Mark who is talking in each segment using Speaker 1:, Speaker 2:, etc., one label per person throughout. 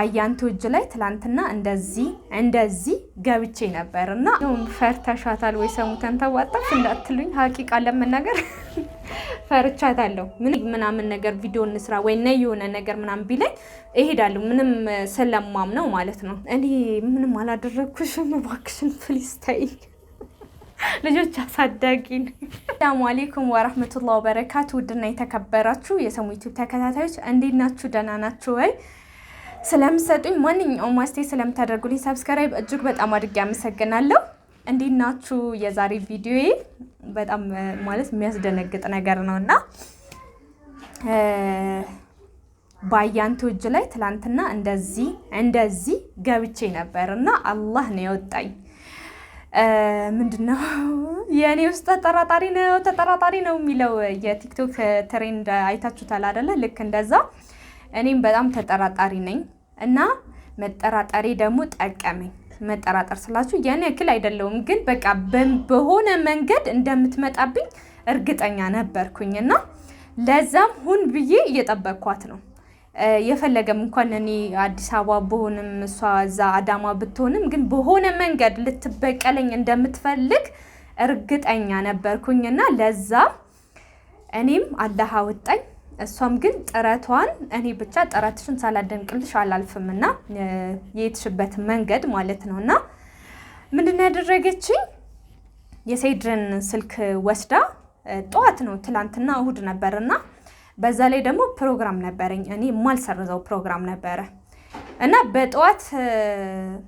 Speaker 1: አያንቱ እጅ ላይ ትላንትና እንደዚህ እንደዚህ ገብቼ ነበር እና ፈርተሻታል ወይ ሰሙተን ተዋጣች እንዳትሉኝ፣ ሀቂቃ ለመናገር ፈርቻታለሁ። ምን ምናምን ነገር ቪዲዮ እንስራ ወይ ነ የሆነ ነገር ምናምን ቢለኝ እሄዳለሁ። ምንም ስለማም ነው ማለት ነው። እኔ ምንም አላደረግኩሽም፣ እባክሽን ፕሊስ ተይኝ። ልጆች አሳዳጊን ሰላሙ አሌይኩም ወራህመቱላ ወበረካቱ። ውድና የተከበራችሁ የሰሙ ዩቲዩብ ተከታታዮች እንዴት ናችሁ? ደህና ናችሁ ወይ? ስለምሰጡኝ ማንኛውም ማስቴ ስለምታደርጉልኝ ሰብስክራይብ እጅግ በጣም አድርጌ አመሰግናለሁ። እንዴት ናችሁ? የዛሬ ቪዲዮ በጣም ማለት የሚያስደነግጥ ነገር ነው እና በአያንቱ እጅ ላይ ትላንትና እንደዚህ እንደዚህ ገብቼ ነበር እና አላህ ነው የወጣኝ። ምንድን ነው የእኔ ውስጥ ተጠራጣሪ ነው ተጠራጣሪ ነው የሚለው የቲክቶክ ትሬንድ አይታችሁታል አይደለ? ልክ እንደዛ እኔም በጣም ተጠራጣሪ ነኝ እና መጠራጠሬ ደግሞ ጠቀመኝ። መጠራጠር ስላችሁ ያን ያክል አይደለውም፣ ግን በቃ በሆነ መንገድ እንደምትመጣብኝ እርግጠኛ ነበርኩኝ እና ለዛም ሁን ብዬ እየጠበቅኳት ነው። የፈለገም እንኳን እኔ አዲስ አበባ ብሆንም እሷ እዛ አዳማ ብትሆንም ግን በሆነ መንገድ ልትበቀለኝ እንደምትፈልግ እርግጠኛ ነበርኩኝ እና ለዛም እኔም አላህ አወጣኝ። እሷም ግን ጥረቷን እኔ ብቻ ጥረትሽን ሳላደንቅልሽ አላልፍም እና የሄድሽበት መንገድ ማለት ነው እና ምንድን ያደረገችኝ የሴድርን ስልክ ወስዳ ጠዋት ነው ትላንትና እሁድ ነበር እና በዛ ላይ ደግሞ ፕሮግራም ነበረኝ እኔ የማልሰርዘው ፕሮግራም ነበረ እና በጠዋት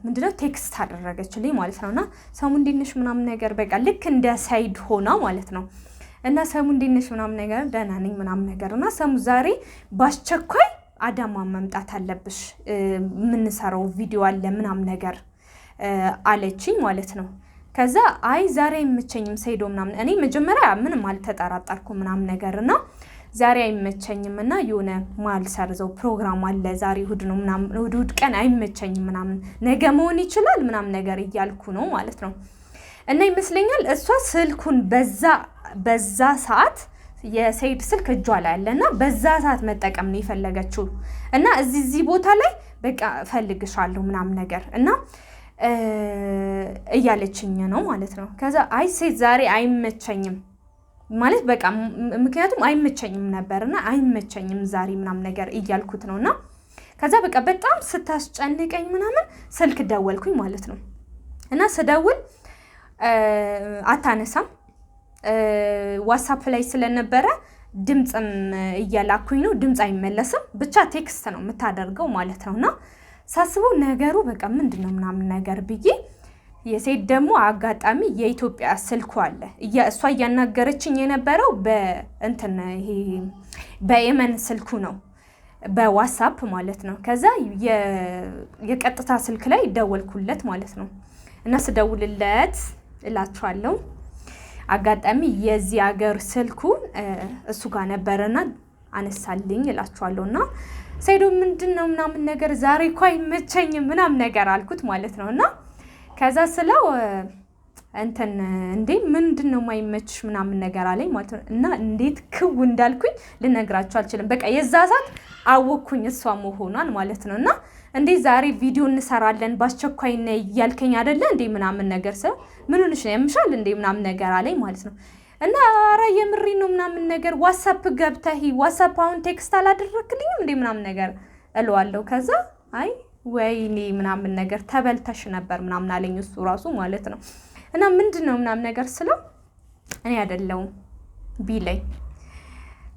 Speaker 1: ምንድነው ቴክስት አደረገችልኝ ማለት ነው እና ሰሙ እንዲንሽ ምናምን ነገር በቃ ልክ እንደ ሆና ማለት ነው እና ሰሙ እንዴት ነሽ ምናምን ነገር ደህና ነኝ ምናምን ነገር እና ሰሙ ዛሬ በአስቸኳይ አዳማ መምጣት አለብሽ የምንሰራው ቪዲዮ አለ ምናምን ነገር አለችኝ ማለት ነው። ከዛ አይ ዛሬ አይመቸኝም ሰይዶ ምናምን እኔ መጀመሪያ ምንም አልተጠራጠርኩ ምናምን ነገር እና ዛሬ አይመቸኝም እና የሆነ ማል ሰርዘው ፕሮግራም አለ ዛሬ እሑድ ነው ምናምን እሑድ ቀን አይመቸኝም ምናምን ነገ መሆን ይችላል ምናምን ነገር እያልኩ ነው ማለት ነው። እና ይመስለኛል እሷ ስልኩን በዛ በዛ ሰዓት የሰይድ ስልክ እጇ ላይ አለ እና በዛ ሰዓት መጠቀም ነው የፈለገችው። እና እዚህ እዚህ ቦታ ላይ በቃ እፈልግሻለሁ ምናምን ነገር እና እያለችኝ ነው ማለት ነው። ከዛ አይ ሴት ዛሬ አይመቸኝም ማለት በቃ ምክንያቱም አይመቸኝም ነበር እና አይመቸኝም ዛሬ ምናምን ነገር እያልኩት ነው እና ከዛ በቃ በጣም ስታስጨንቀኝ ምናምን ስልክ ደወልኩኝ ማለት ነው እና ስደውል አታነሳም። ዋትሳፕ ላይ ስለነበረ ድምፅም እያላኩኝ ነው። ድምፅ አይመለስም፣ ብቻ ቴክስት ነው የምታደርገው ማለት ነው። እና ሳስበው ነገሩ በቃ ምንድን ነው ምናምን ነገር ብዬ የሴት ደግሞ አጋጣሚ የኢትዮጵያ ስልኩ አለ። እሷ እያናገረችኝ የነበረው በእንትን ይሄ በየመን ስልኩ ነው፣ በዋትሳፕ ማለት ነው። ከዛ የቀጥታ ስልክ ላይ ደወልኩለት ማለት ነው እና ስደውልለት እላችኋለሁ። አጋጣሚ የዚህ ሀገር ስልኩ እሱ ጋር ነበረና አነሳልኝ እላችኋለሁ። እና ሰይዶ ምንድን ነው ምናምን ነገር ዛሬ እኮ አይመቸኝም ምናምን ነገር አልኩት ማለት ነው እና ከዛ ስለው እንትን እንዴ ምንድን ነው የማይመችሽ ምናምን ነገር አለኝ ማለት ነው። እና እንዴት ክው እንዳልኩኝ ልነግራችሁ አልችልም። በቃ የዛ ሰዓት አወቅኩኝ እሷ መሆኗን ማለት ነው። እና እንዴ ዛሬ ቪዲዮ እንሰራለን በአስቸኳይ ነ እያልከኝ አደለ እንዴ ምናምን ነገር ሰው ምን ሆንሽ ነው ያምሻል እንዴ ምናምን ነገር አለኝ ማለት ነው። እና አረ የምሪ ነው ምናምን ነገር ዋትሳፕ ገብተህ ዋትሳፕ አሁን ቴክስት አላደረክልኝም እንዴ ምናምን ነገር እለዋለሁ። ከዛ አይ ወይኔ ምናምን ነገር ተበልተሽ ነበር ምናምን አለኝ እሱ ራሱ ማለት ነው። እና ምንድን ነው ምናምን ነገር ስለው እኔ አይደለሁም ቢለኝ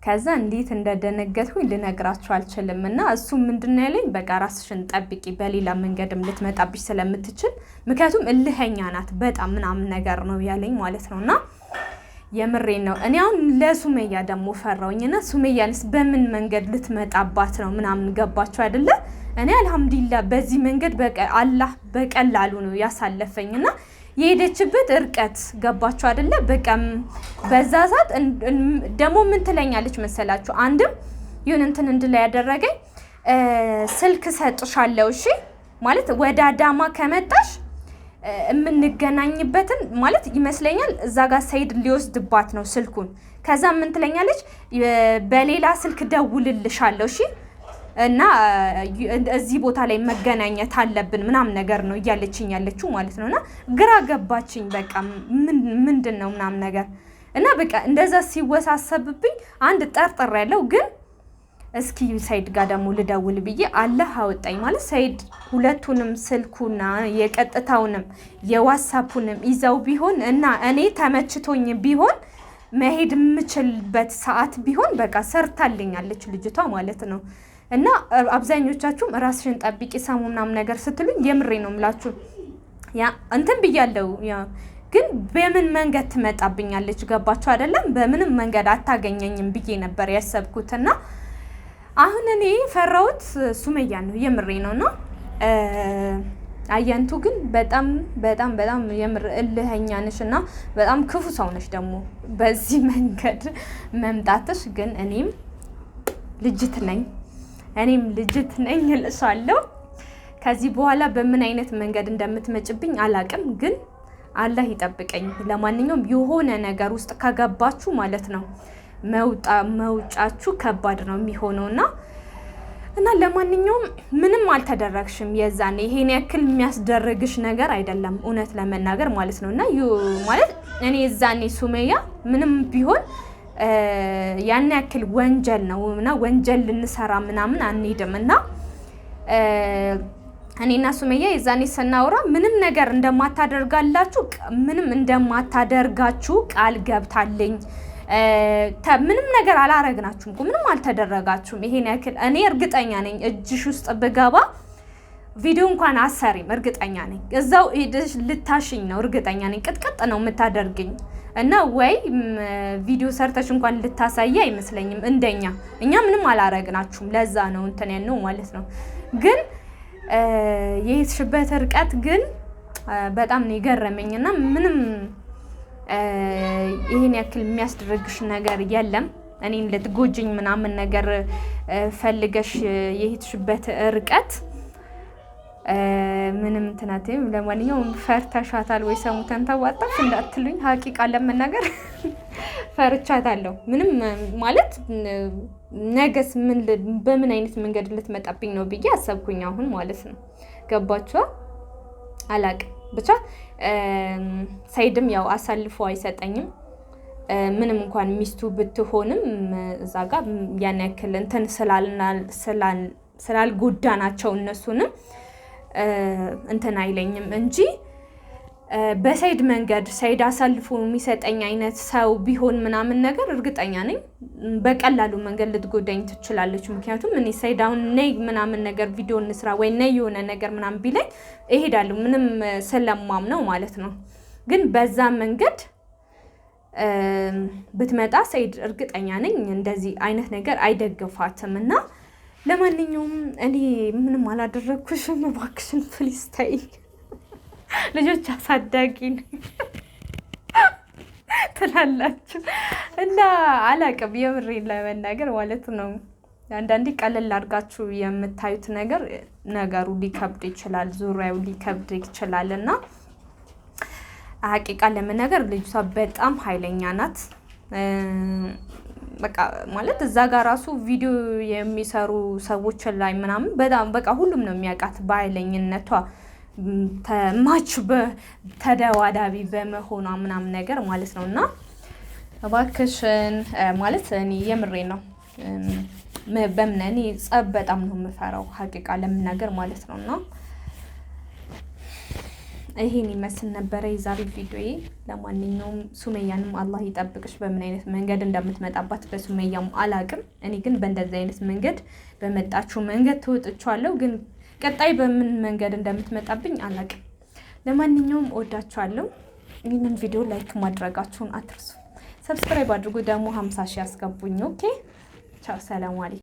Speaker 1: ከዛ እንዴት እንደደነገጥኩኝ ልነግራችሁ አልችልም። እና እሱ ምንድን ነው ያለኝ፣ በቃ ራስሽን ጠብቂ፣ በሌላ መንገድም ልትመጣብሽ ስለምትችል ምክንያቱም እልኸኛ ናት በጣም ምናምን ነገር ነው ያለኝ ማለት ነው። እና የምሬን ነው። እኔ አሁን ለሱሜያ ደግሞ ፈራውኝ እና ሱሜያንስ በምን መንገድ ልትመጣባት ነው ምናምን ገባችሁ አይደለ? እኔ አልሐምዱሊላ በዚህ መንገድ አላህ በቀላሉ ነው ያሳለፈኝ እና የሄደችበት እርቀት ገባችሁ አይደለ? በቀም በዛ ሰዓት ደግሞ ምን ትለኛለች መሰላችሁ? አንድም ይሁን እንትን እንድላ ያደረገኝ ስልክ ሰጥሻለው። እሺ ማለት ወደ አዳማ ከመጣሽ የምንገናኝበትን ማለት ይመስለኛል። እዛ ጋር ሰይድ ሊወስድባት ነው ስልኩን። ከዛ ምን ትለኛለች? በሌላ ስልክ ደውልልሻለሁ፣ እሺ እና እዚህ ቦታ ላይ መገናኘት አለብን ምናምን ነገር ነው እያለችኝ ያለችው ማለት ነው። እና ግራ ገባችኝ። በቃ ምንድን ነው ምናምን ነገር እና በቃ እንደዛ ሲወሳሰብብኝ አንድ ጠርጥር ያለው ግን እስኪ ሰይድ ጋር ደግሞ ልደውል ብዬ አላህ አወጣኝ ማለት ሰይድ ሁለቱንም ስልኩና የቀጥታውንም የዋትሳፑንም ይዘው ቢሆን እና እኔ ተመችቶኝ ቢሆን መሄድ የምችልበት ሰዓት ቢሆን በቃ ሰርታልኛለች ልጅቷ ማለት ነው። እና አብዛኞቻችሁም ራስሽን ጠብቂ ሰሙ ምናምን ነገር ስትሉኝ የምሬ ነው ምላችሁ እንትን ብያለው ግን በምን መንገድ ትመጣብኛለች? ገባችሁ አይደለም? በምንም መንገድ አታገኘኝም ብዬ ነበር ያሰብኩት። እና አሁን እኔ ፈራሁት ሱመያ ነው የምሬ ነው ና አያንቱ ግን በጣም በጣም በጣም የምር እልህኛ ነሽ እና በጣም ክፉ ሰው ነሽ። ደግሞ በዚህ መንገድ መምጣትሽ ግን እኔም ልጅት ነኝ እኔም ልጅት ነኝ እልሻለሁ። ከዚህ በኋላ በምን አይነት መንገድ እንደምትመጭብኝ አላቅም፣ ግን አላህ ይጠብቀኝ። ለማንኛውም የሆነ ነገር ውስጥ ከገባችሁ ማለት ነው መውጣ መውጫችሁ ከባድ ነው የሚሆነው እና እና ለማንኛውም ምንም አልተደረግሽም። የዛኔ ይሄን ያክል የሚያስደረግሽ ነገር አይደለም እውነት ለመናገር ማለት ነው እና ማለት እኔ የዛኔ ሱመያ ምንም ቢሆን ያን ያክል ወንጀል ነው እና ወንጀል ልንሰራ ምናምን አንሄድም እና እኔና ሱመያ የዛኔ ስናወራ ምንም ነገር እንደማታደርጋላችሁ ምንም እንደማታደርጋችሁ ቃል ገብታለኝ። ምንም ነገር አላረግናችሁም፣ ምንም አልተደረጋችሁም። ይሄን ያክል እኔ እርግጠኛ ነኝ እጅሽ ውስጥ ብገባ ቪዲዮ እንኳን አሰሪም እርግጠኛ ነኝ። እዛው ልታሽኝ ነው እርግጠኛ ነኝ። ቅጥቅጥ ነው የምታደርግኝ እና ወይ ቪዲዮ ሰርተሽ እንኳን ልታሳይ አይመስለኝም። እንደኛ እኛ ምንም አላረግናችሁም። ለዛ ነው እንትን ያነው ማለት ነው። ግን የሄድሽበት ርቀት ግን በጣም ነው የገረመኝ እና ምንም ይህን ያክል የሚያስደርግሽ ነገር የለም። እኔን ልትጎጅኝ ምናምን ነገር ፈልገሽ የሄድሽበት ርቀት ምንም እንትናትም ለማንኛውም ፈርተሻታል ወይ ሰሙተን ተዋጣች እንዳትሉኝ፣ ሀቂቃ ለመናገር ፈርቻታለሁ። ምንም ማለት ነገስ ምን በምን አይነት መንገድ ልትመጣብኝ ነው ብዬ አሰብኩኝ። አሁን ማለት ነው ገባችኋ? አላቅ ብቻ ሳይድም ያው አሳልፎ አይሰጠኝም። ምንም እንኳን ሚስቱ ብትሆንም እዛ ጋር ያን ያክል እንትን ስላልጎዳ ናቸው እነሱንም እንትን አይለኝም እንጂ በሰይድ መንገድ ሰይድ አሳልፎ የሚሰጠኝ አይነት ሰው ቢሆን ምናምን ነገር እርግጠኛ ነኝ በቀላሉ መንገድ ልትጎዳኝ ትችላለች። ምክንያቱም እኔ ሰይድ አሁን ነይ ምናምን ነገር ቪዲዮ እንስራ ወይ ነይ የሆነ ነገር ምናምን ቢለኝ እሄዳለሁ፣ ምንም ስለማም ነው ማለት ነው። ግን በዛ መንገድ ብትመጣ ሰይድ እርግጠኛ ነኝ እንደዚህ አይነት ነገር አይደግፋትም እና ለማንኛውም እኔ ምንም አላደረግኩሽም፣ እባክሽን ፕሊስ ተይኝ። ልጆች አሳዳጊ ነኝ ትላላችሁ እና አላቅም። የምሬን ለመናገር ማለት ነው። አንዳንዴ ቀለል አድርጋችሁ የምታዩት ነገር ነገሩ ሊከብድ ይችላል፣ ዙሪያው ሊከብድ ይችላል እና ሀቂቃ ለመናገር ልጅቷ በጣም ኃይለኛ ናት። በቃ ማለት እዛ ጋር ራሱ ቪዲዮ የሚሰሩ ሰዎች ላይ ምናምን በጣም በቃ ሁሉም ነው የሚያውቃት በኃይለኝነቷ ተማች ተደዋዳቢ በመሆኗ ምናምን ነገር ማለት ነው። እና እባክሽን ማለት እኔ የምሬ ነው በምነ እኔ ጸብ በጣም ነው የምፈራው ሀቂቃ ለምናገር ማለት ነው እና ይሄን ይመስል ነበረ የዛሬ ቪዲዮ። ለማንኛውም ሱመያንም አላህ ይጠብቅሽ። በምን አይነት መንገድ እንደምትመጣባት በሱመያም አላቅም። እኔ ግን በእንደዚህ አይነት መንገድ በመጣችሁ መንገድ ትወጥቻለሁ። ግን ቀጣይ በምን መንገድ እንደምትመጣብኝ አላቅም። ለማንኛውም እወዳችኋለሁ። ይህንን ቪዲዮ ላይክ ማድረጋችሁን አትርሱ። ሰብስክራይብ አድርጉ። ደግሞ ሀምሳ ሺህ ያስገቡኝ። ኦኬ ቻው፣ ሰላም አለይኩም።